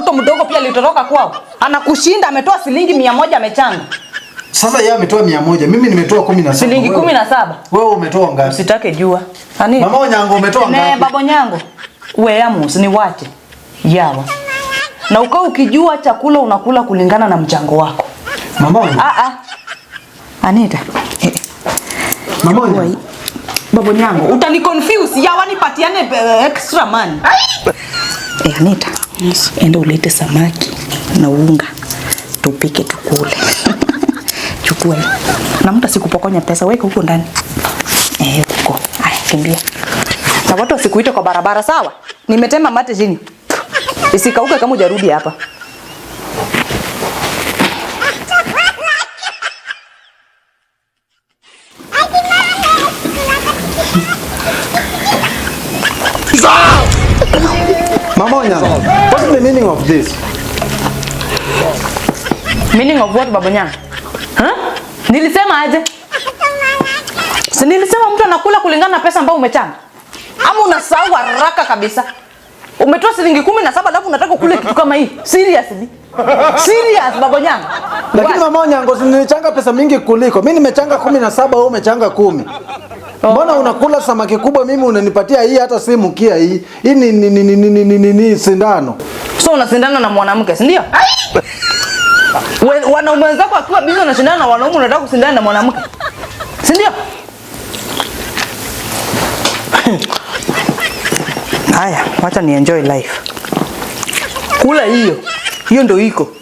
Mtoto mdogo pia alitoroka kwao. Anakushinda ametoa shilingi mia moja amechanga. Sasa yeye ametoa mia moja, mimi nimetoa kumi na saba. Shilingi kumi na saba. Wewe umetoa ngapi? Usitake jua. Ani? Ah, Mama Onyango umetoa ngapi? Eh, babo Onyango. Wewe amu usiniwache. Yawa. Na ukao ukijua chakula unakula kulingana na mchango wako. Mama Onyango. Ah ah. Anita. Eh, eh. Mama Onyango. Babo Onyango, utani confuse. Yawa nipatiane eh, extra money. E, Anita, yes. Enda ulete samaki na unga tupike tukule. Chukua. Na mtu asikupokonya pesa, weka huko ndani. Eh, huko. Haya, kimbia. Na watu wasikuite kwa barabara sawa? Nimetema mate chini. Isikauke kama ujarudi hapa. Mamonya, is the meaning of this? Meaning of what, Babanya? Huh? Nilisema aje? Si nilisema mtu anakula kulingana na pesa ambayo umechana. Ama unasahau haraka kabisa. Umetoa shilingi saba alafu unataka kule kitu kama hii. Seriously? Serious Babanya? Lakini Mamonya, ngozi nilichanga pesa mingi kuliko. Mimi nimechanga 17 wewe umechanga kumi. Oh. Mbona unakula samaki kubwa, mimi unanipatia hii, hata si mkia hii. Hii ni ni ni ni ni ni, ni, ni sindano. So unasindana na mwanamke, si ndio? Wanaume wenzako akiwa na sindano na wanaume, unataka kusindana na mwanamke, si ndio? Haya, wacha ni enjoy life. Kula hiyo hiyo, ndio iko